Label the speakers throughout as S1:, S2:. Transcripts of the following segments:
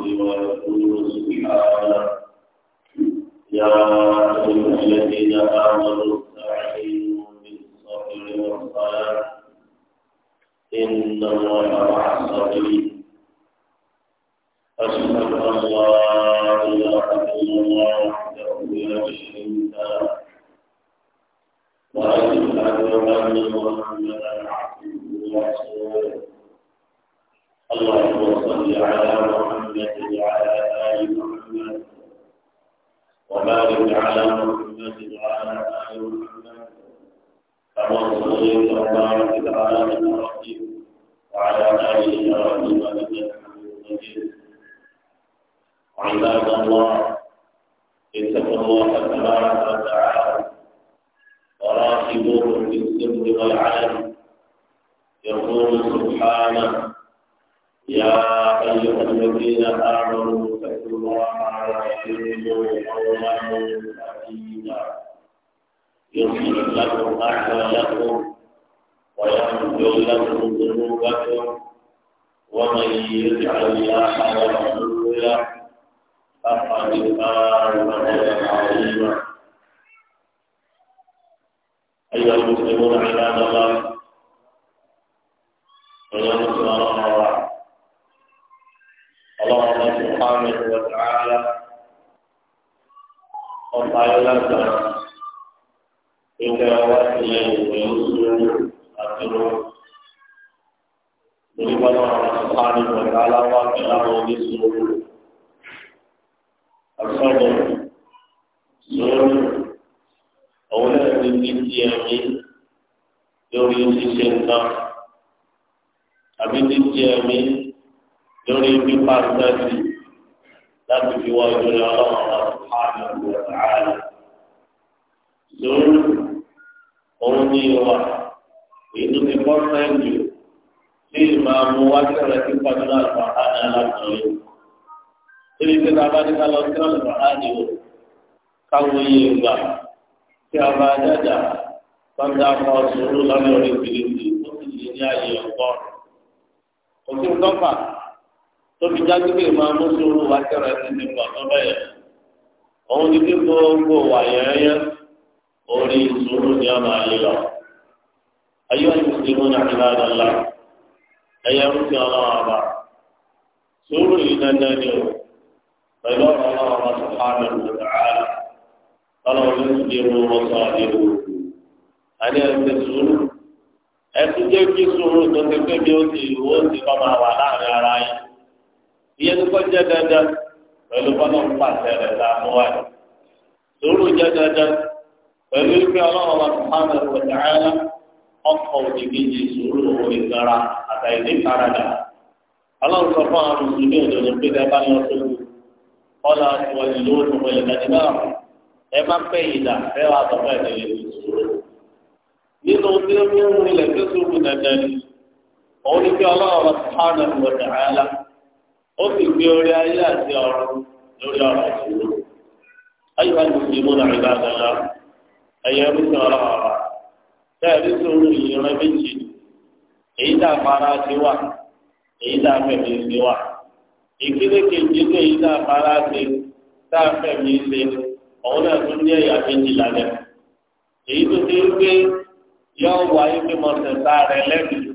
S1: ويقول سبحانه يا أيها الذين آمنوا يا أيها الذين آمنوا اتقوا الله وقولوا قولا سديدا
S2: يصلح لكم أعمالكم
S1: ويغفر لكم ذنوبكم ومن يطع الله ورسوله فقد فاز فوزا عظيما أيها المسلمون عباد الله فيا مسلم الله الله سبحانه وتعالى وقال لنا إذا وصل ويسر أترو ولمن سبحانه وتعالى وكلام يسر الصبر سر أولاد الإتيام يوري سيسنتا أبي الإتيامين lórí pípa sẹ́ẹ̀sì láti fi wá ojú rẹ ọlọ́run lọ sùpáàmì ọ̀gbọ̀n ààrẹ. Zoro òun ní ìwà èyí ti kọ́ sẹ́ẹ̀jù tí màá mú wá sẹ́rẹ̀ sí pàdúrà àlùfáàní aláàbọ̀lẹ̀. Ebi tí ta bá ní ká lọ sí àlùfáàní o, káwọn iye gbà tí a bá dájà tọ́jà kọ́ sòrò lọ́nà orí ìpìlẹ̀ tí ó sì lè ní ààyè ọ̀gbọ́n. Òfin tọ́fà. tóbi jágbégbé máa mú sóru wá kẹrẹ sí ní pàtó bẹyẹ òun ti fi gbogbo wà yẹnyẹ orí sóru ní ọmọ ayé lọ ayé wọn ti ti ńlá ẹyẹ ń o wọn sọ kí tó ti ó ti ti kọ́ máa wà láàrin ìyẹn tó kọ́ jẹ́ dandan pẹ̀lú bọ́lá ń pàṣẹ rẹ̀ láàmú wa ni sùúrù jẹ́ dandan pẹ̀lú ìfẹ́ ọlọ́run wa subhanahu wa ta'ala ọkọ̀ òdìkejì sùúrù owó ìgbára àtàìní farada ọlọ́run sọ fún àwọn mùsùlùmí òdòdó pé ká bá lọ sóògùn kọ́lá tiwọn ìlú òdòdó pẹ̀lú kàdínà ẹ má pẹ́ ìdá ẹ wà sọ fún ẹ̀dẹ̀ lẹ́yìn sùúrù nínú tí ó fi ń rìn lẹ́sẹ̀ sùúrù dandan òun ni pé ọlọ́run wa subhanahu wa ta'ala ó sì gbé orí ayé àti ọ̀run lórí ọ̀rọ̀ ìṣòro ayé wa ti mú náà ìgbà àgbàlá ẹ̀yẹ ń sọ̀rọ̀ ọ̀rọ̀ bẹ́ẹ̀ ní sòrò ìran méjì èyí tá a fara ti wà èyí tá a fẹ̀mí ti wà ìkíni kejì ní èyí tá a fara ti tá a fẹ̀mí ti ọ̀hún náà tún ní ẹ̀yà méjì lálẹ́ èyí tó ti ń gbé yọ wáyé pé rẹ lẹ́nu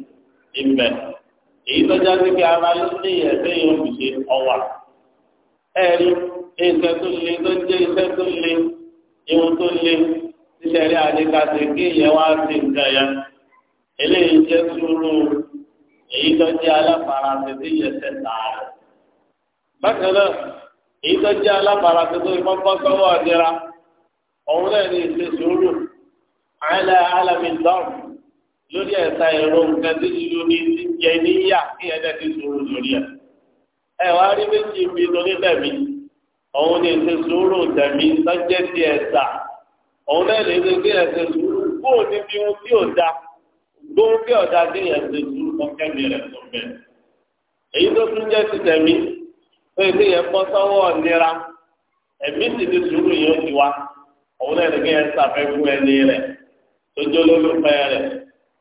S1: ìbẹ̀rẹ̀. èyí lọ́jà sí pé ara ló ní ẹgbẹ́ yóò fi ṣe ọwà ẹ̀rí iṣẹ́ tó le tó jẹ́ iṣẹ́ tó le ihun tó le ṣíṣẹ́ rí àdékàṣe kí ìyẹn wá sí nǹkan yẹn eléyìí jẹ́ sùúrù èyí tó jẹ́ aláfarasẹ̀ yẹ ṣẹ̀ bákan náà èyí tó jẹ́ sọ́wọ́ náà ní ìṣe sùúrù àìlẹ́ alàmì dọ́ọ̀mù. lórí ẹ̀ka ẹ̀rọ nǹkan tí ìlú ní ti jẹ níyà kí ẹ̀dẹ̀ ti sòrò lórí ẹ̀. ẹ wá rí méjì mi lórí tẹ̀mí òun ní ti sòrò tẹ̀mí sọ́jẹ́ ti ẹ̀sà òun náà lè ṣe kí ẹ̀sẹ̀ sòrò kúrò níbi ohun tí ò da gbóhùn kí ọ̀dà kí ẹ̀sẹ̀ sòrò kọ́kẹ́ mi rẹ̀ tó bẹ̀. èyí tó tún jẹ́ ti tẹ̀mí pé kí ẹ̀ bọ́ sọ́wọ́ nira ẹ̀mí sì ti sòrò yẹn ti wá òun náà lè kí ẹ̀sà fẹ́ fún ẹni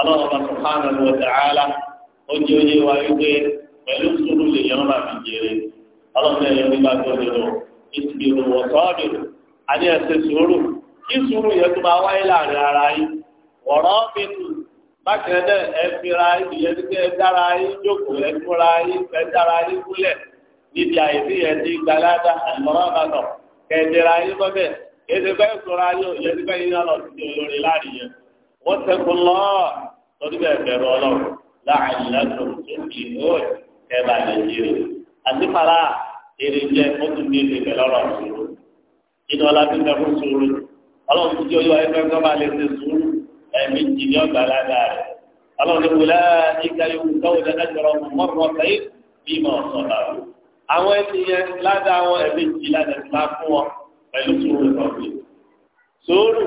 S1: ọlọ́run bá subhanahu wa ta'ala ó jẹ́ oyé wa wípé pẹ̀lú sùúrù lèèyàn máa fi jèrè ọlọ́run lẹ́yìn nígbà tó lérò ìsìnkú wọ̀ sọ́ọ̀dù àní ẹ̀sẹ̀ sùúrù kí sùúrù yẹn tó máa wáyé láàrin ara yín wọ̀rọ̀ bínú bákẹ́rẹ́ náà ẹ fira ìyẹn ti kẹ́ ẹ dára yín jókòó ẹ fúnra yín ẹ dára yín kúlẹ̀ níbi àìsí yẹn ti gbalada àlùmọ́rọ́ àbàtọ̀ kẹ̀dẹ̀ra yín mọ́bẹ̀ kẹ̀dẹ̀ bẹ́ẹ̀ sọ̀rọ̀ ayọ̀ yẹn ti bẹ́ẹ̀ yín lọ́ọ̀ wọ́n tẹ̀kùn lọ́ lórí bẹ́ẹ̀ bẹ̀rù ọlọ́run láàyè lẹ́tọ̀ọ́ tó kì í ó kẹ́ bá lè yíre àti fara èrè jẹ́ ó tún ní èdè bẹ̀rẹ̀ ọ̀rọ̀ sùúrù nínú ọlábí bẹ́ẹ̀ fún sùúrù ọlọ́run tó jẹ́ olúwa ẹgbẹ́ kọ́ lè ṣe sùúrù ẹ̀mí jì ọgbà ládàá rẹ̀ ọlọ́run ní wùlá ìka yòówù káwọn ẹ̀dá jọrọ mọ́rọ́ sẹ́yìn bí mọ̀ ọ̀sán àwọn ènìyàn ládàá wọn ẹ̀mí jì ládàá ti máa fún wọn pẹ̀lú sùúrù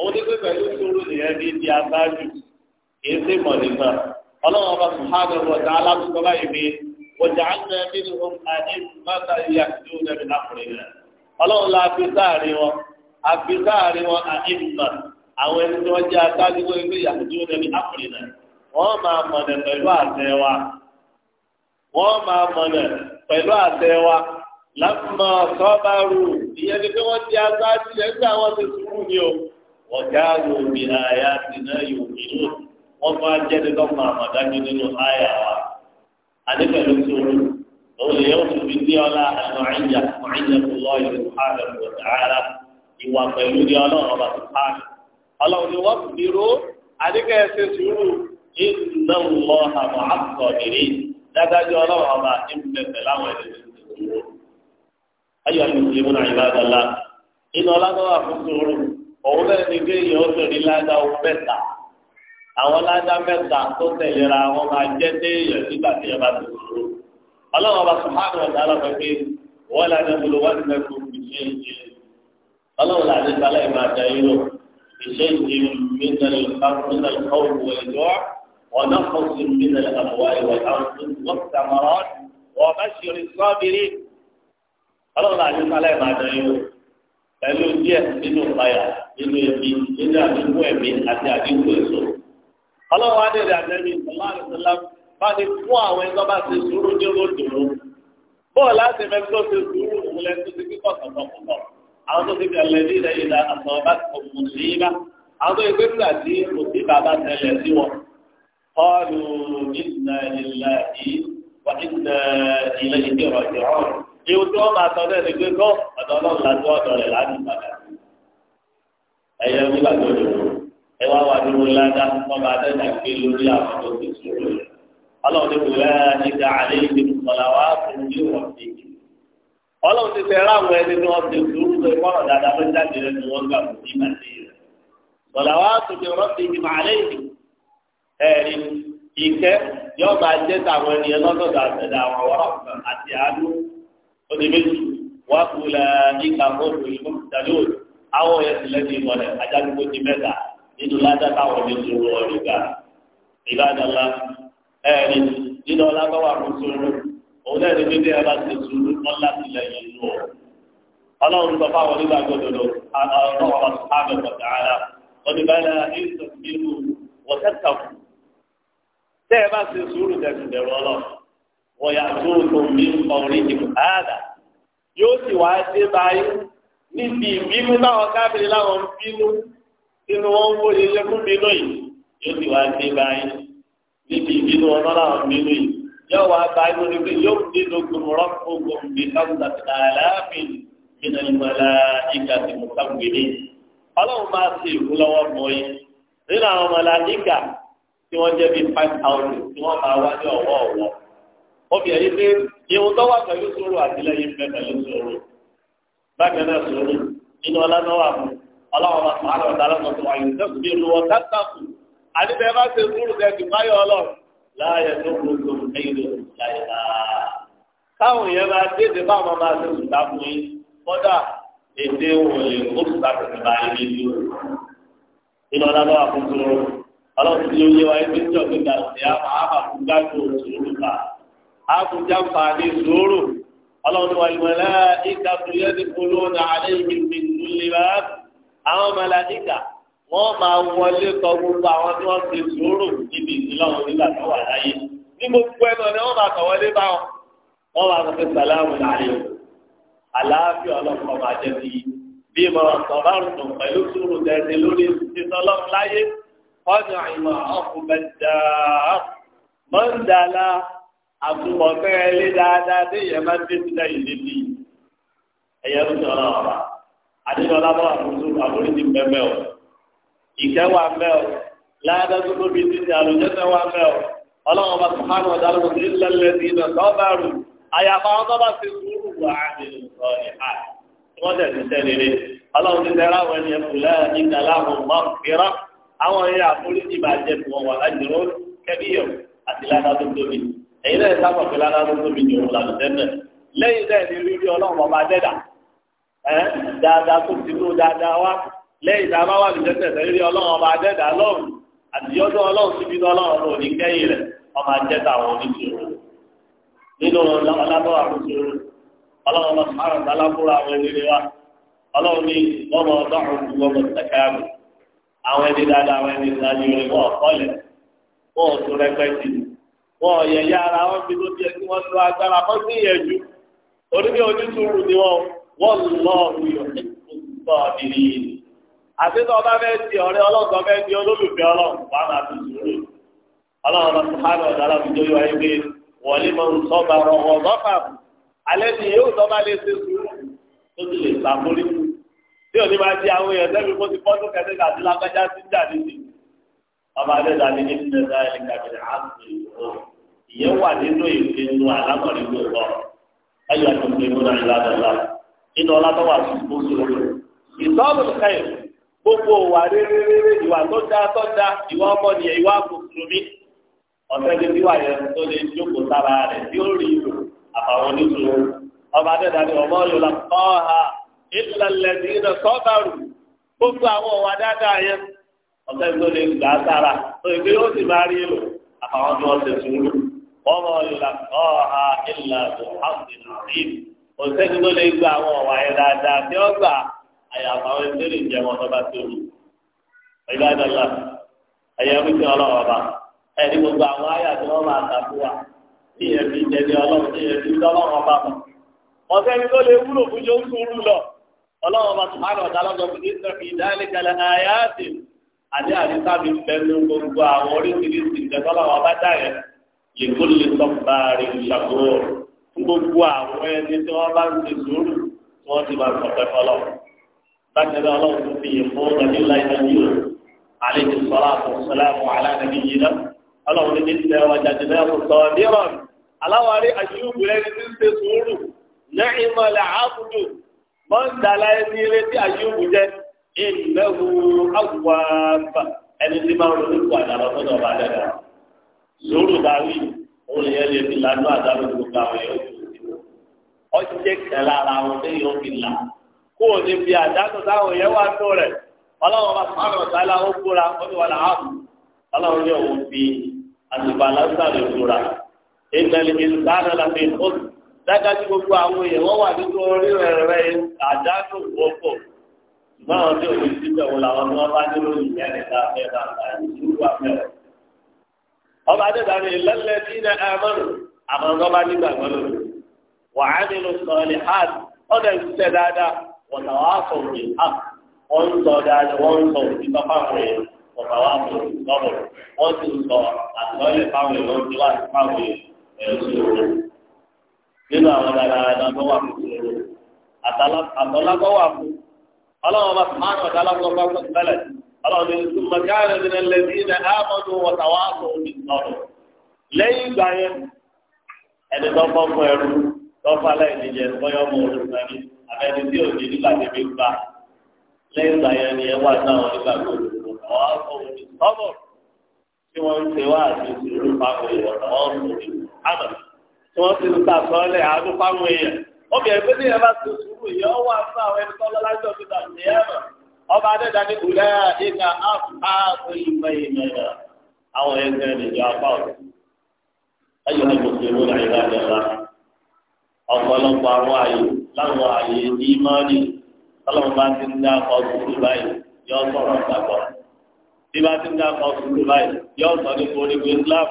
S1: òun ní pé pẹ̀lú sùúrù nìyẹn ní ti abájú kì í sí mọ̀ nìkan ọlọ́run ọba subhanahu wa ta'ala alábùsọ báyìí pé ọjà àná nínú ohun àní mọ́tà ìyá tó dẹ̀bi lákùnrin rẹ̀ ọlọ́run la fi sáàrin wọn àfi sáàrin wọn àní mọ̀ àwọn ẹni tí wọ́n jẹ́ aṣáájú wọn pé ìyá tó dẹ̀bi lákùnrin rẹ̀ wọ́n máa mọ̀nà pẹ̀lú àṣẹ wa wọ́n máa mọ̀nà pẹ̀lú àṣẹ wa lámọ̀ sọ́bàrù ìyẹn ni pé wọ́n jẹ́ aṣáájú ẹ̀ ọ̀gáàrò mi àyà ti náà yóò fi lò wọ́n bá jẹ́ni lọ́mọ àmàdájú nínú àyà wa. Adébẹ̀lú sọ̀rọ̀ òun yóò tún fi dé ọlá àlùmáyà mọ̀nyà tó lọ ìlú ààrẹ tó dára ìwà pẹ̀lú ní ọlọ́run ọba tó pa. Ọlọ́run ni wọ́n fi ró sùúrù lọ àmọ́ ọlọ́run ọba òun náà ní kéèyàn ó sì rí ládàá ohun mẹ́ta àwọn ládàá mẹ́ta tó tẹ̀léra wọn máa jẹ́ déèyàn nígbà tí ẹ bá ti sòrò ọlọ́run ọba sùhánù ọ̀dà lọ́pẹ́ pé wọ́n lè ní olùwà ní mẹ́kù ìṣe ìṣe ọlọ́run là ní sálẹ̀ ìmọ̀ àjà yìí ìṣe ìṣe mílíọ̀nù mílíọ̀nù ọ̀wọ̀ ẹ̀jọ́ ọ̀nà kọ̀ọ̀sì mílíọ̀nù àbúwá ìwà pẹ̀lú díẹ̀ nínú ìpayà nínú ebi nínú àdínkù ẹ̀mí àti àdínkù èso. ọlọ́wọ́ adéèrè àtẹ́bí ìsọ̀lá àdìsọ́lá bá ti fún àwọn ẹgbẹ́ bá ti sùúrù ní olódòdó. bọ́ọ̀lù láti mẹ́fí tó ti sùúrù òun lẹ́nu tó ti fi kọ̀ kọ̀kọ̀kọ̀. àwọn tó ti fi ẹlẹ́ ní ilẹ̀ ìlà àtọ̀ bá ti kọ̀ mọ̀ sí ibà. àwọn tó ti gbà tí ewu tí wọn máa sọ náà ní pé kọ ọ̀dọ̀ Ọlọ́run láti ọ̀dọ̀ rẹ̀ láti padà ẹyẹ nígbà tó lò ẹ wá wà nínú ládá wọn máa dẹ́nà gbé lórí àwọn tó ti sùn lórí Ọlọ́run ní kò rẹ níta àlẹ ìdí mọlá wa fún mi wọn fi Ọlọ́run ti fẹẹ ráwọn ẹni tí wọn ti sùúrù pé kọrọ dáadáa ló jáde rẹ ni wọn gbà fún mi máa ṣe rẹ mọlá ọdún méjì wà kúlẹ̀ nípa mọ́tò ìlú tàlóò àwọn yẹn ti lẹ́sìn ìmọ̀lẹ̀ ajálùkọ́ ti mẹ́ta nínú ládàtà wọn ní sòrò ọ̀rẹ́ gbà ìbádàlá ẹ̀ẹ́dì nínú ọlágbáwá kò sòrò òun náà ní pípẹ́ ẹ bá ti sòrò wọn láti lẹ́yìn inú ọ̀ ọlọ́run sọ fáwọn nígbà gbọdọdọ ọlọ́run wa sùpàmì ọ̀tà ara wọn ni báyìí náà ní ìsọ̀tún tẹ́ ẹ bá ti sòrò tẹ̀sùn bẹ̀rù ọlọ́run wọ̀yà tó tó mi ń kọ orí ìdìbò ààdà yóò sì wá dé báyìí níbi ìbínú táwọn kábìrì láwọn ń bínú nínú wọn ń wọlé lẹ́kún bínú yìí yóò sì wá dé báyìí níbi ìbínú ọ̀nà láwọn bínú yìí yóò wá báyìí lórí pé yóò dé lókun rọ́pò gòmìnir káwùtà tààlàáfin nínú ìmọ̀lá ìka tí mo kà wílé ọlọ́run máa ṣe ìwúlọ́wọ́ mọ́ yìí nínú àwọn ọmọlá ìka tí wọ́n jẹ́ bíi five thousand tí wọ́n máa wá ní ọ̀wọ́ ọ̀wọ́ obìnrin yìí pé ihun tó wà pẹ̀lú sòrò àtìlẹyìn bẹ pẹ̀lú sòrò bákan náà sòrò nínú ọlọ́dọ́wà fún ọlọ́wọ́n bá sọ̀rọ̀ àwọn ọ̀dàlọ́ sọ̀tún wáyé sẹ́kù bí olú wọn tátàkù àdìbẹ́ bá ṣe sùúrù sẹ́kù báyọ̀ ọlọ́run láàyè tó kù tó ẹ̀yìn ló ń jà yìí náà. táwọn èèyàn máa dédé báwọn máa ṣe sùn dákun yín kọ́dà èdè wọn lè kó àkùnjàǹfà ní sòrò ọlọ́run wà lùmọ̀lá ìka tó yẹ ti kúrò ní alẹ́ yìí ní ìlera àwọn màláíkà wọ́n máa wọlé tọ̀ gbogbo àwọn tí wọ́n ti sòrò níbi ìsìláwọn nígbà tó wà láyé ní gbogbo ẹnu ni wọ́n máa tọ̀wọ́lé bá wọn wọ́n máa sọ pé sàlámù láàyè àlàáfíà ọlọ́pàá máa jẹ́ ti bí mo sọ̀rọ̀ àrùn pẹ̀lú sùúrù tẹ̀sí lórí sísọlọ́mù láyé ọ̀nà ìmọ̀ ọ̀kùnrin dáa àtúbọ̀tán ẹlé dáadáa tí èèyàn máa ń dé sílẹ̀ yìí lébi ẹ̀yẹ ló sọ̀rọ̀ ọ̀rọ̀ adéjọ́lá bá àkóso àforíjì mẹ́mẹ́ o ìkẹ́ wà mẹ́ o láàdáa tó tóbi ti ti àlùjẹ́sẹ̀ wà mẹ́ ọlọ́run bá tó hánú ọ̀dà lọ́wọ́ sí lẹ́lẹ́ sí iná àyàfà wọn bá ti sùúrù wà á ní sọ̀rọ̀ tí wọ́n tẹ̀sí tẹ́lẹ̀ èyí náà sábà pé lára ló tóbi jù ọ̀la ló tẹ́lẹ̀ lẹ́yìn náà ni rírí ọlọ́run ọba dẹ́dà ẹ̀ dáadáa tó ti ló dáadáa wá lẹ́yìn tá a bá wà ní rírí ọlọ́run ọba dẹ́dà lọ́run àtìyọ́dún ọlọ́run síbi ọlọ́run ní kẹ́yìn rẹ̀ wọn ọ̀yẹ̀yẹ ara wọn fi tó tiẹ̀ kí wọ́n lo agbára kọ́ sí ìyẹ̀jú oníkẹ́ onítùrù ni wọn wọ́n lọ ìyọ̀ nípa ìrì àti ọba fẹ́ di ọ̀rẹ́ ọlọ́gbọ́n fẹ́ di olólùfẹ́ ọlọ́run wà sùúrù sùhánù wọlé ni yóò lè ṣe sùúrù tó ti lè tí àwọn èèyàn sẹ́mi ti àti lágbájá sí ọba adéda ní ní sinẹsà ẹlẹgàbìlẹ àti ìṣòro ìyẹn wà nínú ìpinnu alámọrin ló sọ ayọ àti ìpinnu náà ìlànà nínú ọlátọwà tó sọ̀rọ̀ ìtọ́nù kẹyìn gbogbo wà réréréré ìwà tó dá tó dá ìwà ọmọnìyàn ìwà mùsùlùmí ọ̀sẹ̀ ní bí wà tó lè jókòó sára rẹ̀ tí ó rí ìlú àbàwọn oníṣòro ọba adéda ní ọ̀sẹ̀ tó lè gbà sára tó ìgbé ó sì máa rí tí wọ́n ti sùúrù ọmọ ìlà ọ̀ha ìlà ọ̀hásìn àríyìn ọ̀sẹ̀ tó lè gbà àwọn ọ̀wà yẹn dáadáa tí ó gbà àyàfà lè jẹ wọn tó bá tó lù ẹgbẹ́ àdàlà ẹ̀yẹ wa ìyẹn àti àdìsá mi bẹnu gbogbo àwọn oríṣiríṣi ìjẹsọ́lá wa bá dà yẹn lèkó lè sọ báàrí ìṣàkóso fún gbogbo àwọn ẹni tí wọ́n bá ń ṣe sùúrù tí wọ́n ti máa sọ̀tẹ́ fọlọ́ bákan náà ọlọ́run tó fi yẹ fún ọdún láì lọ́jọ́ yìí àlejò sọ́lá àtọ̀sọ́lá àwọn aláàbí yìí náà ọlọ́run ní ti tẹ̀ wọ́n jáde náà kò sọ níwọ̀n aláwárí àjùlùkù ẹni tí ń ṣe sùúrù ní ìmọ̀lẹ̀ àbùdù mọ́ńdàlá ẹni retí àjùlùkù jẹ́ ìnáwó awùwàbà ẹni tí máa ń ronú kó àdàlọ́ tó lọ́ọ́ bá Zoro Dawi òun yẹn lè fi lanú àdàlọ́ tó ga wọ̀ yẹn ojú ọjẹ́ kẹlẹ́ ara wọn ní fi kó o ní fi táwọn wá tó bá kóra ó ní yóò wọ́n fi ìtẹ̀lẹ̀ ó gbogbo àwọn èèyàn wọ́n wà nínú orí rẹ̀ rẹ̀ báwọn tí òbí síbẹ̀ wò làwọn tí wọ́n bá dé lórí ìyá rẹ̀ tá a fẹ́ bá a ìlú wa fẹ́. ọba tí àwọn tó bá wà á nínú ìṣiṣẹ́ dáadáa wọ́n tà wá wọ́n ń sọ dáadáa sọ òbí wọ́n tà wá wọ́n ti sọ àtọ́lẹ̀ ọlọ́run bá sùn máa tọ́jà lọ́wọ́ bá sùn tẹ́lẹ̀ ọlọ́run ní sùn mọ̀kárẹ̀ ní ẹlẹ́dí ní àmọ́dún wọ̀tàwá tó ní sọ̀rọ̀ lẹ́yìn ìgbà yẹn ẹni tó bọ́ fún ẹrú tó fà láìní jẹ bọ́yọ̀ mọ́ olùsọ̀rí àbẹ̀ni tí òjì nígbà tẹ̀mí gbà lẹ́yìn ìgbà yẹn ni ẹ wà náà nígbà tó ń ṣe wọ́n ti ń ta sọ́ọ́lẹ̀ obìnrin pé níyẹn bá tó sùúrù yìí ọ wà fún àwọn ẹni tó lọ́lá jọ fi tàn ní ẹ̀mọ́ ọba adẹ́dá ní kùlẹ̀ ìka ààbò ìmọ̀ ìmọ̀ ìmọ̀ àwọn ẹgbẹ́ ìjọ apá ọ̀dọ̀ ẹ̀yọ́ ni mo fi mú náà ìlà ìjọba ọ̀pọ̀lọpọ̀ àwọn àyè láwọn àyè ní mọ́ọ̀lì tọ́lọ́mù bá ti ń dá ọkọ̀ sùúrù báyìí yọ sọ̀rọ̀ gbàgbọ́ bí bá ti ń dá ọkọ̀ sùúrù báyìí yọ sọ nípa onígun Islam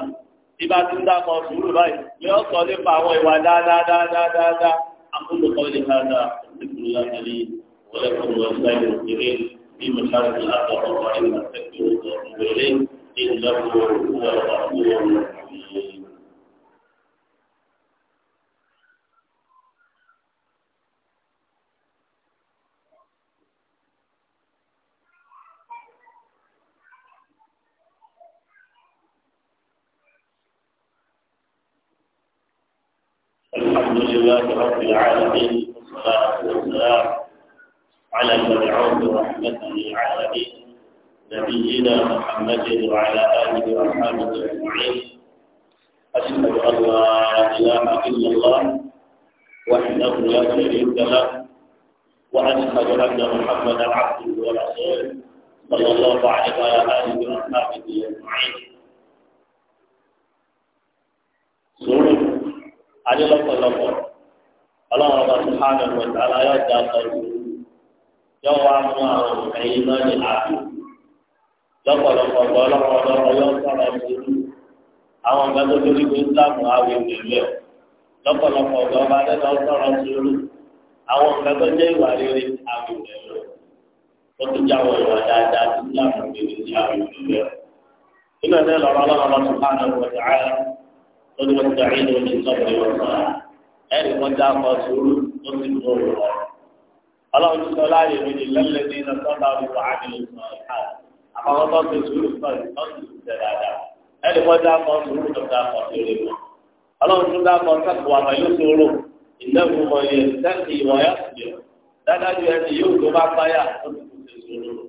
S1: bí bá ti ń dá ọkọ̀ sùúrù báyìí yọ sọ nípa àwọn ìwà dáadáa dáadáa dáadáa أقول قولي هذا أستغفر الله لي ولكم ولسائر المسلمين في مشارق الأرض وأطفالهم أستغفره وأتوب إليه إنه هو الغفور الحمد لله رب على فرعون ورحمته للعالمين نبينا محمد وعلى آله وأصحابه أجمعين أشهد أن لا إله إلا الله وحده لا شريك له وأشهد أن محمدا عبده ورسوله صلى الله عليه وعلى آله وأصحابه أجمعين سورة علي الله الله سبحانه وتعالى يا yọ wá mú àwọn ẹyin náà ní àbí lọ́pọ̀lọpọ̀ gbọ́ lọ́pọ̀lọpọ̀ yọ sọ̀rọ̀ ìṣèlú àwọn ọ̀gá tó tóbi tó sáàmù àwọn ìṣèlú ẹ̀ lọ́pọ̀lọpọ̀ gbọ́ bá dẹ́ta sọ̀rọ̀ ìṣèlú àwọn ọ̀gá tó jẹ́ ìwà rere àwọn ti ìwà dáadáa tó àwọn ọlọ́run sọ láàyè méjì lẹ́lẹ́dí iná sọ́dà ọ̀dùnkọ̀ àdìlẹ̀ sọ̀rọ̀ àwọn tó ti sùúrù sọ̀rọ̀ lọ́sùn ìṣẹ̀ dáadáa ẹni wọ́n dá kan sùúrù tó dá kan lórí wọn. ọlọ́run tún dá kan sẹ́kù àmọ́ yóò sòrò ìdẹ́kù wọn yẹ sẹ́kì ìwọ̀n yá sí ọ dáadáa ju ẹni yóò tó bá báyà tó ti kù sí sùúrù.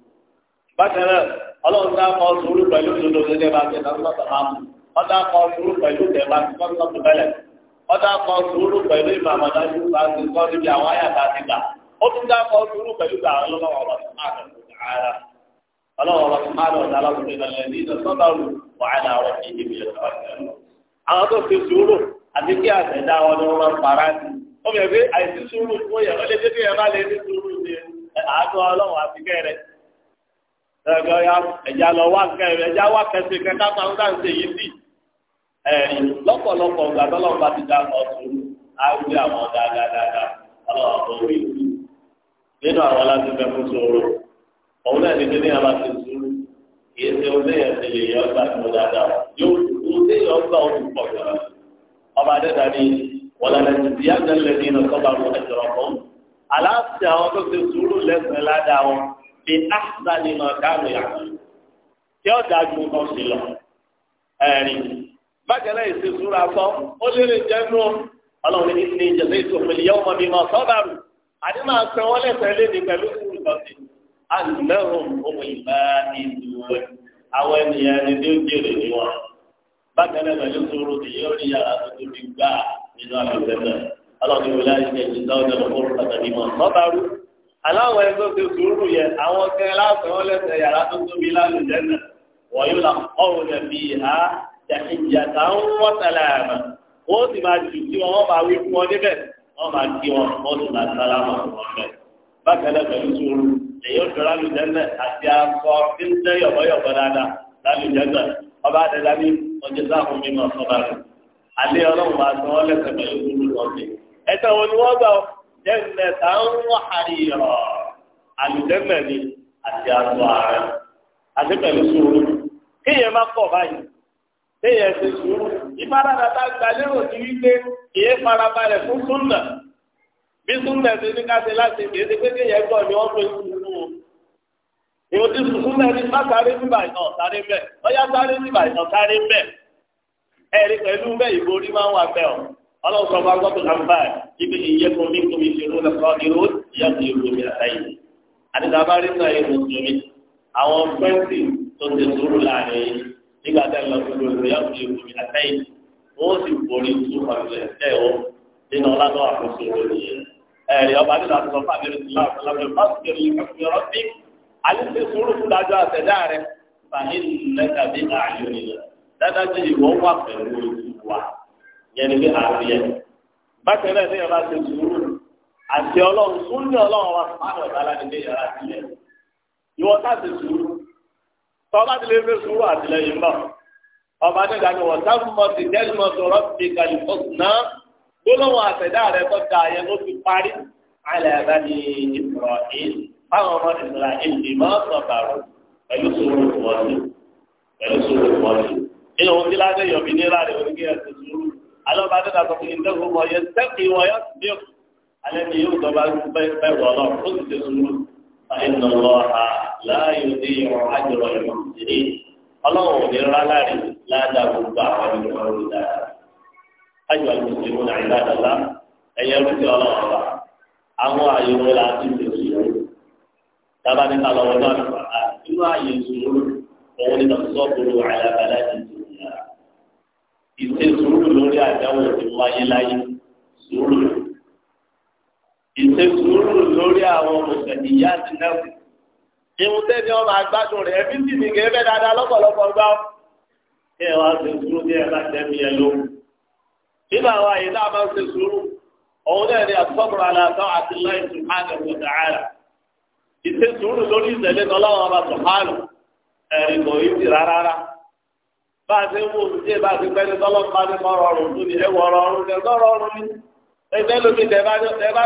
S1: bákan náà ọlọ́run dá kan sùúrù pẹ̀lú dodo gẹ́gẹ́ bá ti dá sọ́tọ̀ máa mú ọ̀dà kan sùúrù pẹ̀lú tẹ̀bá ti sọ́tọ̀ bẹ́lẹ̀ ọ̀dà kan sùúrù pẹ̀lú ìmọ̀ àmọ̀dájú bá ti sọ́ níbi àwọn àyàtà ti gbà ó tún dá ọ dúró pẹ̀lú gbà ọlọ́wọ́ ọba ọrụ ọrụ ọlọ́wọ́ ọrụ sùmáàlọ́ ọ̀dàrà ọ̀dàrà ìlànà ìlú sọ́dọ̀rù wàhálà ọ̀rọ̀ ìdí mi lọ́wọ́ àwọn tó fi sùúrù àti kí àtẹ̀dá wọn ni wọ́n máa ń para sí ó pé àìsí sùúrù yẹn lè ní sùúrù ní nínú àwọn aláṣẹ fẹ́ fún sòrò òun náà ní kí ní àbá ti sùúrù kì í ṣe oṣù yẹn ti lè yọ ọgbà tó dáadáa yóò oṣù yẹn ọgbà oṣù pọ̀ jọra ọba dẹ́ta ni wọ́n lẹ́nu ti di àgbẹ̀lẹ̀ ní iná sọ́ba ló ẹ̀jọ̀ ọ̀kan aláṣẹ àwọn tó ti sùúrù lẹ́sìn ládàá wọn ti àṣà nínú káàmù yàtọ̀ tí ó dáa ju nǹkan sí lọ ẹ̀rí bákẹ́lẹ́ ìṣesúra sọ ó lérè àti máa sọ wọn lẹ́sẹ̀ léde pẹ̀lú ìlú ìtọ́sí alùmẹ́rùn ọmọ ìbá ìlú rẹ̀ àwọn ènìyàn ẹni tí ó jèrè ní wọn bákan náà pẹ̀lú sọ̀rọ̀ tí yóò rí yàrá tuntun ti gbà nínú àlùfẹ́fẹ́ ọlọ́run ìwé láti ṣe ìjìnlá ọjọ́ lọ́kọ́ pàtàkì mọ́ sọ́tàrú aláwọ̀ ẹgbẹ́ ti sùúrù yẹ àwọn kẹrin láti wọn yàrá tuntun bí lálùjẹ́ náà wọ́n yóò là ọ̀rùn rẹ̀ bí ha jàkìjàkà ń wọ́tàlá àmà ó sì máa jù sí wọ́n máa wí fún ọ níbẹ̀ wọn máa kí wọn wọn sì máa sára wọn fún wọn bẹ́ẹ̀ bákan náà pẹ̀lú sùúrù èyí ó dọ̀rọ̀ àlùjẹ́ńdẹ̀ àti akọ tí ń tẹ́ yọ̀bọ̀yọ̀bọ̀ dáadáa lálùjẹ́ńdẹ̀ ọba àdẹ́dá ní ọjọ́ sáfún mi mọ̀ sọ́ba rẹ̀ alẹ́ ọlọ́run máa sọ ọ́ lẹ́sẹ̀ pẹ̀lú sùúrù lọ́sẹ̀ ẹ̀sẹ̀ wo ni wọ́n gbà ọ́ tá ń wọ́n àríyọ̀ àlùjẹ́ńdẹ̀ ni àti akọ ààrẹ àti pẹ̀lú sùúrù ìfaradà tá a gbà lérò ní wípé ìyẹn farabalẹ̀ fún súnà bí súnà ṣe ní káṣe láti ṣe ṣe pé kéèyàn gbọ́ ni wọ́n fẹ́ sùúrù o. èèyàn ti súnà ní má sáré nígbà ìtàn sáré bẹ́ẹ̀ ọyá sáré nígbà ìtàn sáré bẹ́ẹ̀ ẹ̀rí pẹ̀lú bẹ́ẹ̀ ìborí máa ń wà bẹ́ẹ̀ o. ọlọ́run sọ fún agbọ́dọ̀ nàmbà ibi ìyẹ́kùn ní kòmí ìṣòro lọ́sọ̀rọ̀ ní ró ìyàtọ̀ ìròmí àtàyè. àdìgbà bá rí náà èrò tòmí àwọn pẹ́ńsì tó ti sùúrù láàrin nígbà tẹ́ lọ sí gbogbo yóò fi omi àtẹ́yìn wọ́n sì borí tú ọ̀rẹ́ ẹ̀ o nínú ọlọ́dọ̀ àkóso lónìí ẹ̀rí ọba nígbà tó sọ fábíyẹ̀rì síláàmù lábẹ́ fásitì ìkàkùnyọ̀rọ̀ sí alẹ́ sọ̀rọ̀ fún dájọ́ àtẹ̀dá rẹ̀ fàní lẹ́ka bí ààyò nìyẹn dáadáa ti ìwọ wà pẹ̀lú ojú wa yẹn ní bí ààrẹ yẹn bákan náà ní ọba ti sùúrù àti ọlọ́run sùúrù ní ọlọ́run wa fún àwọn ọ̀dà aládìgbé yàrá sílẹ̀ tọ́ba ti lè fi sùúrù àtìlẹ́yìn bọ̀ ọba ní ìdájọ́ wọ̀ sáfùmọ́ ti dẹ́gbọ́n sọ̀rọ̀ ti kàlí fọ́sùnà gbólóhùn àtẹ̀dá rẹ̀ tó da yẹn ló ti parí àlẹ́ àbá ní ìfọ̀rọ̀ yìí fáwọn ọmọ ìsìlá èyí máa sọ bàrọ̀ pẹ̀lú sùúrù ìwọ́sí pẹ̀lú sùúrù ìwọ́sí nínú ohun tí ládé yọ̀bí ní láàrin oníkẹ́ ẹ̀sìn sùúrù alọ́ba dẹ́ta sọ فإن الله لا يضيع أجر المحسنين ọlọ́run ní rárá rí ládàá gbogbo àwọn ènìyàn rí dáadáa ájọ àgbèsèmú náà ìdádàlá ẹ̀yẹ rúkì ọlọ́run wa àwọn ààyè wọn la ti lè sùúrù dábàá nípa lọ́wọ́ náà lọ́wọ́ inú ààyè sùúrù òun ni lọ́sọ́ gbòòrò àyàbàlá ti sùúrù yàrá ìṣe sùúrù lórí àdáwò ti wáyé láyé sùúrù ìṣe sùúrù lórí àwọn mùsùlùmí ìyá àti náà ìhun tẹ́ni ọmọ àgbàdùn rẹ̀ ẹbí sì ní kẹ́ fẹ́ dáadáa lọ́pọ̀lọpọ̀ gbá kí ẹ wá ṣe sùúrù ní ẹ̀ka tẹ́mi ló nínú àwọn àyè máa ń ṣe sùúrù náà ni àtọ́kùnrin àti láì ìṣe sùúrù lórí ìṣẹ̀lẹ̀ bá ẹgbẹ́ lómi tẹ̀bá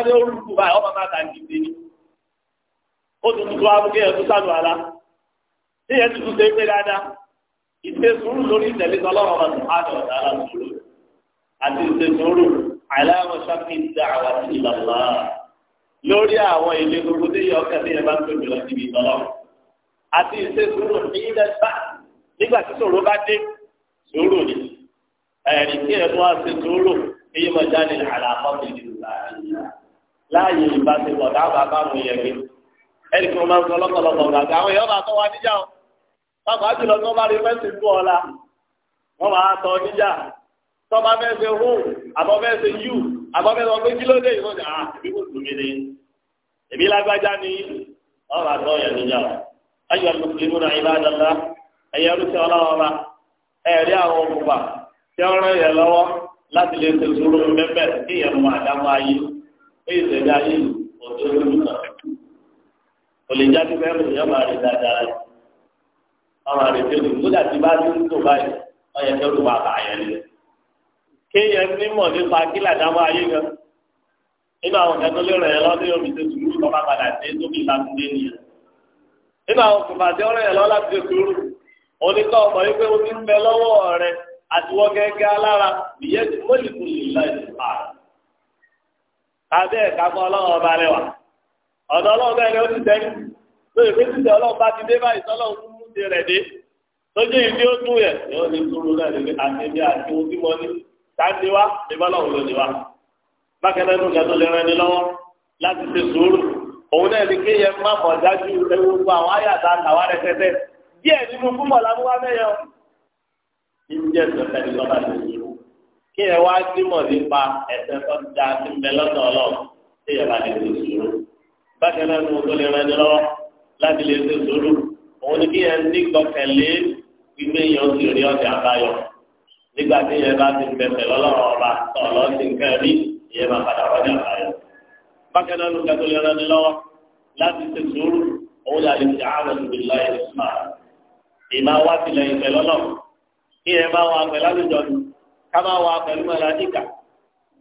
S1: ní orúkú báyìí ọmọ máa tàbí ìdí ni ó tún tuntun wá fún ẹ̀tún sànù àlá ní ẹ̀tún tún ṣe é pé dáadáa ìṣe sùúrù lórí ìtẹ̀lé tọ́lọ́rọ̀ ọmọ sùhánù ọ̀dà àlá sùúrù àti ìṣe sùúrù aláwọ̀ sáfì dá àwa sí ìlànà lórí àwọn ilé gbogbo tí yọ ọkẹ́ tí ẹ bá ń tóbi lọ síbi ìtọ́lọ́ àti ìṣe sùúrù nígbà tí sòrò bá dé sùúrù ni ẹ̀rì tí ẹ̀ èyí mọ̀ jáde àlà àkọ́bí ìlú láàyè ìbáṣepọ̀ dábà báwọn yẹn rí ẹni tí wọ́n máa ń sọ lọ́kọ̀lọ́kọ̀ gbàgbé àwọn èèyàn bá tọ́ wa níjà o pàpà jùlọ tó bá rí fẹ́ǹsì fún níjà bá hù yù ah, ni èmi lágbájá ni níjà o bá àwọn tí láti lè ṣe sùúrù bẹ́ẹ̀ tí ìyẹn mọ àdámọ́ ayé pé ìṣẹ̀lẹ̀ ayé kò tó lójú kan kò lè jáde bẹ́ẹ̀ lè yọ̀ọ́ máa rí dáadáa rẹ̀ ọmọ rẹ̀ tó lè kódà tí bá ti ń tò báyìí ọyẹ tó lù wà báyẹn lé kéèyàn nímọ̀ nípa kílà dámọ́ ayé gan nínú àwọn kan tó lè rẹ̀ lọ́dún yóò fi ṣe sùúrù kọ́ bá padà dé tó fi bá ti dé nìyẹn nínú àwọn kùfà tí ó rẹ̀ lọ́ láti ṣe sùúrù àtiwọ́ gẹ́gẹ́ alára ìyẹn ti mọ́lìkù lìlá ìdìbà. Abẹ́ ẹ̀ka kan ọlọ́run ọba rẹwà. Ọ̀dọ̀ ọlọ́run bẹ́ẹ̀ ni ó ti tẹ́lẹ̀. Lórí pé títẹ̀ ọlọ́run bá ti dé báyìí sọ́lọ́run fún mú ti rẹ̀ dé. Lójú ìdí ó tún yẹ̀. Yóò ní túrú náà lè àti ibi àti ohun tí mo ní. Táńdé wá, ìbá lọ́run ló ní wá. Bákẹ́lẹ́ nù kẹ́tọ́ lè rẹni lọ́wọ́ láti ṣe sùúrù. Òun náà ni kéèyàn má mọ̀ dájú ewu gbogbo àwọn àyàtà àtàwọn arẹ́tẹ́tẹ́. Díẹ̀ nínú fúnmọ̀ làmúwá mẹ́yọ̀ níjẹ sọfẹ ní lọba tó yẹ kí ẹ wá gbímọ nípa ẹsẹ tó da sí ń bẹ lọ́dọ̀ Ọlọ́run tí ẹ bá lè tó sùúrù bákan náà ni mo tó lè ràn yín lọ́wọ́ láti lè tó sùúrù òun ni kí ẹ ní gbọ́kànlé wípé yẹn ó sì rí ọjà àbáyọ nígbà tí yẹn bá ti bẹ̀rẹ̀ lọ́lọ́rọ̀ ọba tọ̀lọ́ sí nǹkan ìyẹn máa padà wọ́jà kí máa wà pẹ̀lú àlùjọ ká máa wà pẹ̀lú mọ̀láníkà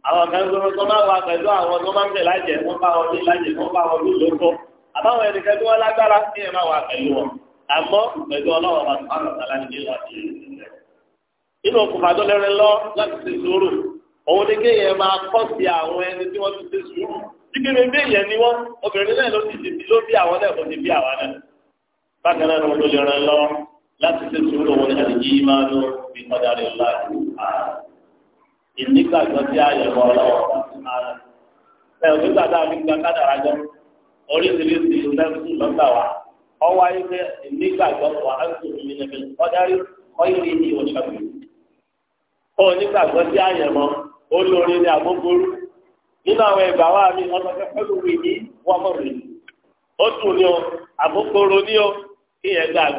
S1: àwọn kan tó tó máa wà pẹ̀lú àwọn tó máa ń tẹ̀ lájẹ̀ wọ́n bá wọn ní lájẹ̀ wọ́n bá wọn ní lóko àbáwọn ẹnìkan tó wọ́n lágbára kí máa wà pẹ̀lú wọn àmọ́ pẹ̀lú ọlọ́wọ́ bá tó bá lọ́ta láti ní ìlànà ìlẹ̀ inú okùnfà tó lẹ́rẹ̀ lọ láti ṣe sùúrù òun ni láti ṣe sùúrù wọn ní àdìjí máa ló fi padà rẹ̀ láàyè ìnígbàgbọ́ tí àyẹ̀wò ọlọ́wọ́ ẹ̀ ònígbà tá a fi gba kádàrá jọ oríṣiríṣi lẹ́sùn lọ́gbà wa ọwọ́ ayé pé ìnígbàgbọ́ wà á sùn mí níbi ọ̀dárí ọ̀yẹ́rì ní ìwọ̀sàgbé onígbàgbọ́ tí àyẹ̀wò olórí ní agbógbóró nínú àwọn ẹgbàá wa mi wọn sọ pé pẹ̀lú wì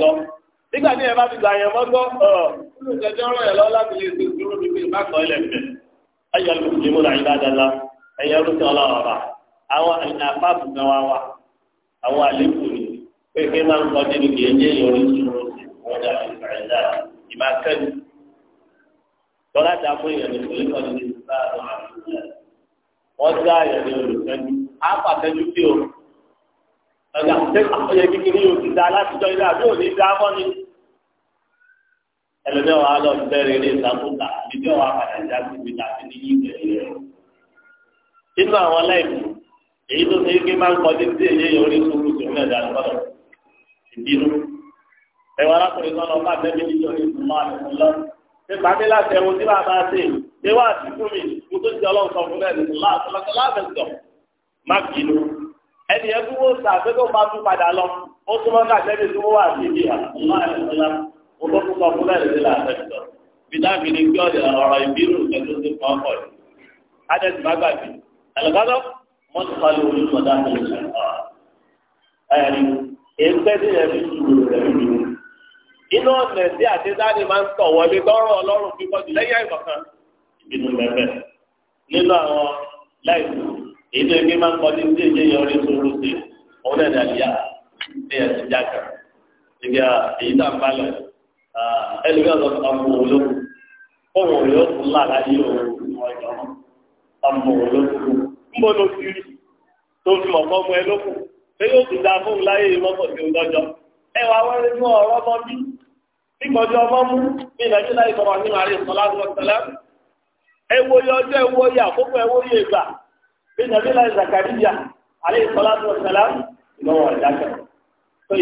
S1: ní nígbà tí ẹ bá ti gbà yẹn mọ́gbọ́ ọ̀ olùsẹ̀jọ́ ọ̀rọ̀ yẹn lọ láti lè ṣe dúró níbi ìbákan ilẹ̀ fẹ̀ ayé alùpùpù mú láyé dáadáa ẹ̀yẹ ọlọ́sẹ̀ ọlọ́ọ̀bà àwọn àpáàbù kan wá wà àwọn àlékù ni pé kí máa ń kọ́ nínú kì í ní èyí orí ìṣòro wọn dà bí ìfàyẹ̀dá ìmá kẹ́ni tọ́lá dà fún èèyàn ní ìwé kan ní ìgbà àwọn àlùfẹ́ wọ́n dá èèyàn ní olùsẹ́ni á pàtẹ́jú sí o ọ̀gá àti àkọyẹ kékeré yóò ti dá látijọ́ ilé àbí ẹlẹ́dẹ́ wa lọ bẹ̀rẹ̀ ilé ìsàkóta ìdí ọ̀wá padà já sí ibi tàbí ní ìgbẹ́ rẹ̀. nínú àwọn láìpù èyí tó ṣe ké máa ń kọ ní sí èyí orí sùúrù tó ní ẹ̀dá lọ́dọ̀ ìbínú. ẹ̀wọ̀n arákùnrin kan lọ bá bẹ́ẹ̀ méjì lórí ìsúnmọ́ àtìkú lọ. ṣé pàdé láti ẹ̀wọ̀n tí bàbá ṣe ṣé wà á ti fún mi mo tó ti ọlọ́run sọ fún ẹ̀ẹ́dì láàbẹ̀ sọ sọ fún ẹ̀rí ní làtẹ̀tọ̀ bíláàmì ni kí ọ̀dẹ̀ ọ̀rọ̀ ìbírù pẹ̀lú ti kọ́ ọ̀pọ̀ yìí adẹ́sì má gbàgbé ẹ̀lẹ́gbàgbọ́ wọ́n ti kọ́ lórí olùsọ̀dá àtẹ̀lẹ́sẹ̀ ẹ̀rí èyíkẹ́ tí yẹn fi sùúrù rẹ̀ rí inú ọ̀nà tí àtẹ́sáni máa ń tọ̀ wọlé lọ́rọ̀ ọlọ́run kíkọ́ jù lẹ́yìn àìmọ̀kan ìbínú mẹ́fẹ́ nínú àwọn láìpù èyí tó yẹ máa ẹlòmíì ọ̀sán ọmọ olóko ọmọ olóko ńlá láyé òun ọjọ́ ọmọ olóko ńbọ ló fi tó fi mọ̀ fọ́ ẹ lóko pé yóò tún da fóun láyé ìmọ̀tò tí ó lọ́jọ́ ẹ wà wẹ́rẹ́ fún ọ̀rọ̀ ọmọ bí nígbàjọ́ ọmọ mú bí nàìjíríà ìtọ́wà nínú àárín ìsọ̀lá ẹ wo yọ ọjọ́ ẹ wo yẹ àkókò ẹ wo yẹ ìgbà bí nàìjíríà ìzàkàríyà àárín ìsọ̀lá ìlọ́wọ́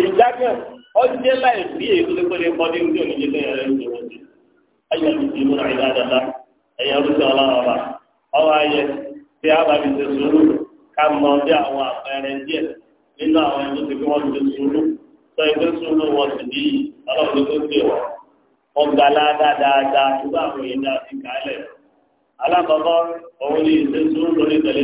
S1: ìdákẹ́ ọjẹ́ láì bí èyí tó pé kọ́ ní ojú òní jẹ́ ẹ̀rọ ìṣòro ti ayé àti ti múra ìlà dada ẹ̀yẹ orúkọ ọlọ́wọ́ba ọwọ́ ayẹ tí a bá fi ṣe sùúrù ká mọ bí àwọn àpẹẹrẹ díẹ̀ nínú àwọn ẹni tó fi wọ́n ṣe sùúrù sọ ìgbé sùúrù wọn sì bí ọlọ́run tó wọn dáadáa tó bá àwọn èèyàn náà kálẹ̀ alákọ̀ọ́kọ́ òun ní ìṣe sùúrù lórí tẹ̀lé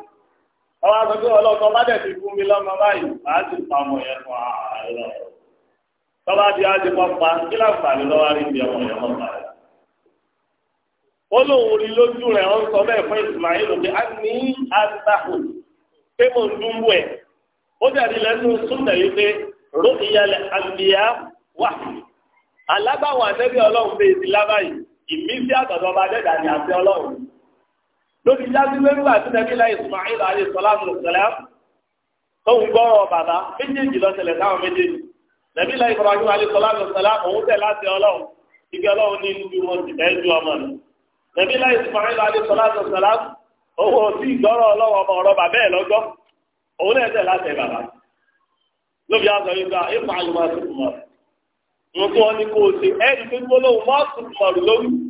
S1: ọwọ́ àgbẹ̀bí ọlọ́kọ bá dẹ̀ ti fún mi lọ́mọ báyìí má ti pa ọmọ yẹn fún àárọ̀ tọ́ba ti á ti pọ́ pa kí láǹfààní lọ́wọ́ rí ibi ọmọ yẹn mọ́ báyìí. ó lóun rí lójú rẹ̀ ó ń sọ bẹ́ẹ̀ fún Ismail pé a ní àtàkù pé mo ń dúnbù ẹ̀ ó lóbi jáde lẹ́gbà tí nàbílà Ismail alayhi salatu wa salam tó ń gbọ́rọ̀ bàbá méjèèjì lọ́sẹ̀lẹ̀ táwọn méjèèjì nàbílà Ibrahim alayhi salatu wa salam òun tẹ̀ láti ọlọ́run igi ọlọ́run ní ìlú wọn sì bẹ́ẹ̀ ju ọmọ rẹ̀ nàbílà Ismail alayhi salatu wa salam òun ò sí ìgbọ́rọ̀ ọlọ́run ọmọ ọ̀rọ̀ bàbá ẹ̀ lọ́gọ́ òun náà tẹ̀ láti bàbá lóbi àgbà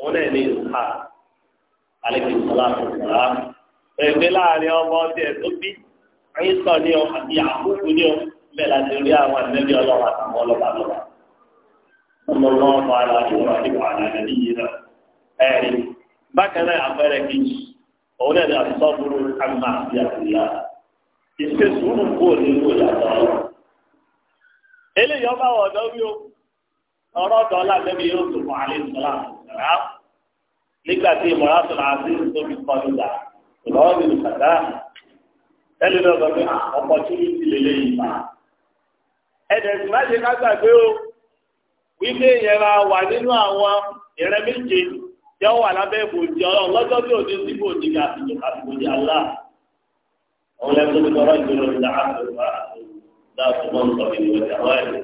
S1: òun náà ní àlejò ìsọlá ìsọlá ẹgbẹ́ láàrin ọmọ ọdẹ tó bí ayísọ ní ọ àti àkókò ní ọ bẹ́ẹ̀ láti rí àwọn ẹgbẹbí ọlọ́rọ̀ àtàwọn ọlọpàá lọ́wọ́ ọmọ náà fọ ara níyì náà bákan náà àpẹẹrẹ kejì òun àti ìṣesùn eléyìí ọba o. ọ̀rọ̀ dọ́là lẹ́bi yóò tó fún alẹ́ ìsọ̀lá àtúnṣe nígbà tí ìmọ̀lá sọ̀rọ̀ àti tóbi kọ́ nígbà mi ẹni náà sọ pé ọkọ̀ tí mi ti lè lé ẹ̀dẹ̀ ṣe wípé ìyẹn máa wà nínú àwọn ìrẹ́ méje tí wọ́n wà lábẹ́ ìbòjì ọlọ́run lọ́jọ́ òde sí ìbòjì ní àtijọ́ tó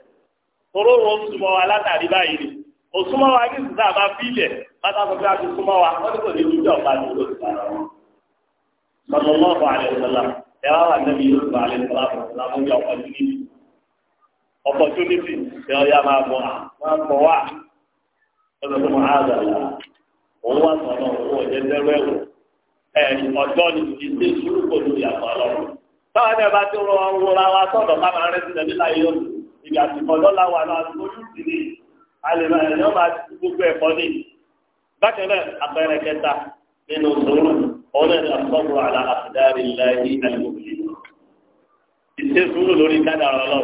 S1: toró wọn súnmọ́ wa látàrí báyìí ni òsúnmọ́ wa ní ìsúnmọ́ àbá fílẹ̀ látàkùn bí a ti súnmọ́ wa ní kò ní ìdíjọ́ ọ̀pá ní ìlú sọlọ́mọ́ọ̀fọ̀ àlẹ́sọ̀lá ẹ wá wà wà sọ̀rọ̀ òun ọ̀jẹ̀ dẹ́rẹ́ wò ẹ̀ ọ̀dọ́ ibi àtìkọ́ lọ́la wà lọ àdúgbò yóò sì ní alèmọ ẹ̀yọ́ máa ti gbogbo ẹ̀kọ́ ní. bákan náà àpẹẹrẹ kẹta nínú sòrò ọ̀nà ìdàgbọ́n àlà àfidàrí láyé àlùmọ̀bìlì. ìṣe sòrò lórí kádà ọ̀rọ̀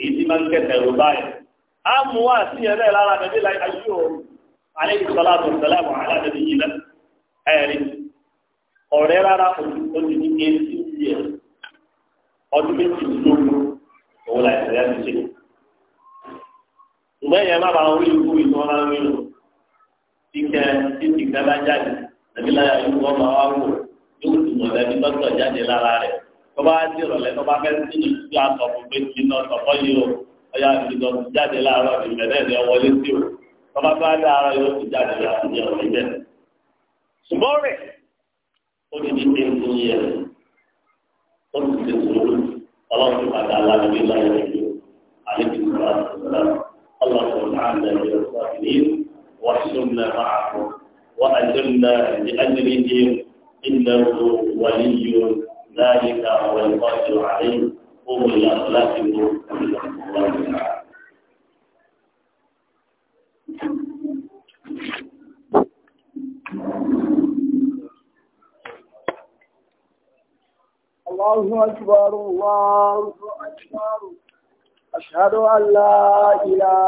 S1: èyí tí máa ń kẹsẹ̀ rò báyìí. a mú wá sí ẹ̀rẹ́ lára nàbí láyé ayé o alẹ́ ìsọlá tó ṣẹlẹ̀ wà á lábẹ́ yìí lẹ́ ẹ̀rí ọ̀rẹ́ rárá òtún òtún ní kéésì yẹ ọdún méjì lógún òun là ìṣẹ̀lẹ̀ ti ṣe. ìgbẹ́ yẹn má bàa wí ikú ìtọ́ máa ń wí lò kíkẹ́ títí kẹ́ bá jáde àbí láyà ìlú wọn máa wá wò yóò tún mọ̀ lẹ́ni lọ́tọ̀ jáde lára rẹ̀ tó bá dé ìrọ̀lẹ́ tó bá fẹ́ sí ní ìtú àtọ̀ fún pé kí iná ọ̀pọ̀ yìí o ọ̀yà ìgbìdọ̀ jáde láàárọ̀ ìbẹ̀rẹ̀ rẹ̀ ọlọ́run ti padà aláàbí láyé lẹ́yìn àlejò ìgbà àtúntà ọlọ́run náà lẹ́yìn ọ̀sán ní wàṣúnà máàkó wàhálùnà ní ajínlẹ́dẹ́ ìnáwó wàlíyó láyé ká wọlé wájú àlẹ́ òun yàtọ̀ láti wọ ìlànà wàlúùnà. الله أكبر الله أكبر أشهد أن لا إله